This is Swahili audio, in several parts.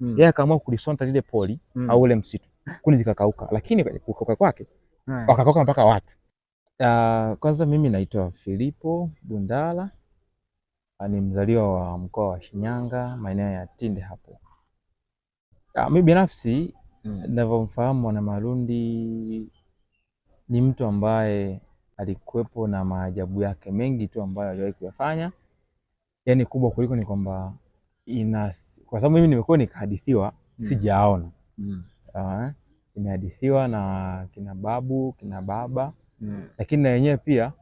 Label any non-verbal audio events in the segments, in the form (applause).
mm. yeye akaamua kulisonta lile poli mm. au ule msitu, kuni zikakauka, lakini kukauka kwake mm. wakakauka mpaka watu. Uh, kwanza mimi naitwa Filipo Bundala ah, ni mzaliwa wa mkoa wa Shinyanga maeneo ya Tinde hapo. Ah, mimi binafsi mm. ninavyomfahamu Mwana Malundi ni mtu ambaye alikuwepo na maajabu yake mengi tu ambayo aliwahi kuyafanya, yaani kubwa kuliko ni kwamba ina, kwa sababu mimi nimekuwa nikahadithiwa mm. sijaona mm. uh, ah, imehadithiwa na kina babu kina baba mm. lakini na wenyewe pia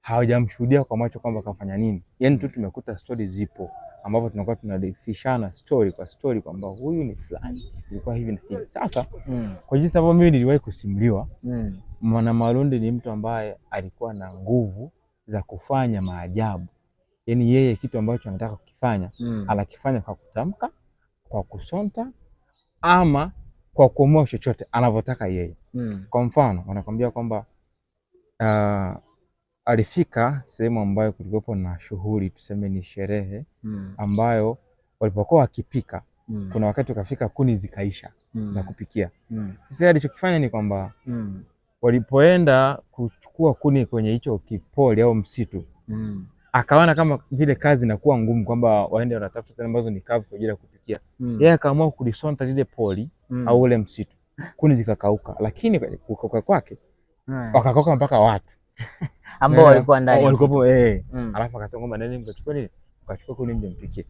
hawajamshuhudia kwa macho kwamba kafanya nini, yani tu mm. tumekuta stori zipo ambapo tunakuwa tunadifishana stori kwa stori kwamba huyu ni fulani ilikuwa hivi na hivi. Sasa mm. kwa jinsi ambavyo mimi niliwahi kusimuliwa mm. Mwana ni mtu ambaye alikuwa na nguvu za kufanya maajabu yani yeye kitu ambacho anataka kukifanya mm. anakifanya kwa kutamka, kwa kusonta ama kwa kuamua chochote anavyotaka yeye mm. Kwa mfano wanakwambia kwamba uh, alifika sehemu ambayo kulikuwepo na shughuli tuseme ni sherehe mm. ambayo walipokuwa wakipika mm. kuna wakati ukafika kuni zikaisha mm. za kupikia mm. Sasa alichokifanya ni kwamba mm. walipoenda kuchukua kuni kwenye hicho kipoli au msitu mm akaona kama vile kazi inakuwa ngumu kwamba waende wanatafuta ambazo ni kavu kwa ajili ya kupikia. Mm. Yeye akaamua kulisonta lile poli mm. au ule msitu. Kuni zikakauka, lakini kukauka kwake mm. wakakauka mpaka watu (laughs) ambao walikuwa ndani. Walikuwa eh, eh. Mm. Alafu akasema kwamba nani mkachukua nini? Mkachukua kuni mje mpikie.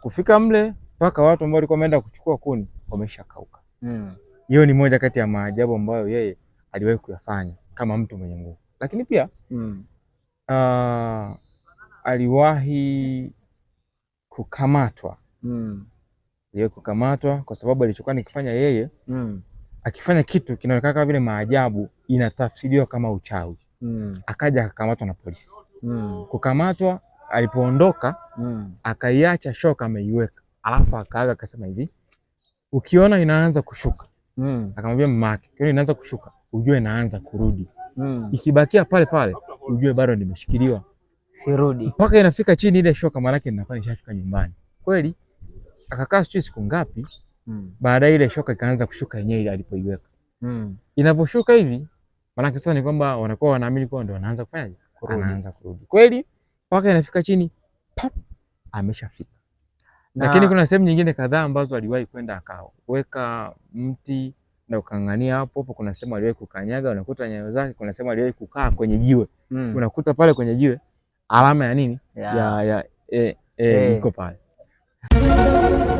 Kufika mle mpaka watu ambao walikuwa wameenda kuchukua kuni wameshakauka. Mm. Hiyo ni moja kati ya maajabu ambayo yeye aliwahi kuyafanya kama mtu mwenye nguvu. Lakini pia mm. uh, aliwahi kukamatwa mm. Yeye kukamatwa kwa sababu alichokuwa nikifanya yeye mm. akifanya kitu kinaonekana kama vile maajabu, inatafsiriwa kama uchawi mm. Akaja akakamatwa na polisi mm. Kukamatwa, alipoondoka mm. akaiacha shoka ameiweka, alafu akaaga akasema hivi, ukiona inaanza kushuka mm. akamwambia mamake, ukiona inaanza kushuka ujue inaanza kurudi mm. ikibakia pale pale ujue bado nimeshikiliwa sirudi mpaka inafika chini ile shoka, maanake ninakuwa nishafika nyumbani kweli. Akakaa sijui siku ngapi mm. baada ile shoka ikaanza kushuka yenyewe ile alipoiweka mm. Inavyoshuka hivi, maanake sasa ni kwamba wanakuwa wanaamini kwa ndio wanaanza kufanyaje, anaanza kurudi kweli, mpaka inafika chini pap, ameshafika na... Lakini kuna sehemu nyingine kadhaa ambazo aliwahi kwenda akaweka mti na ukangania hapo hapo. Kuna sehemu aliwahi kukanyaga, unakuta nyayo zake. Kuna sehemu aliwahi kukaa kwenye jiwe mm. unakuta pale kwenye jiwe alama ya nini ya, ya, ya, ya, ya, ya, ya, ya,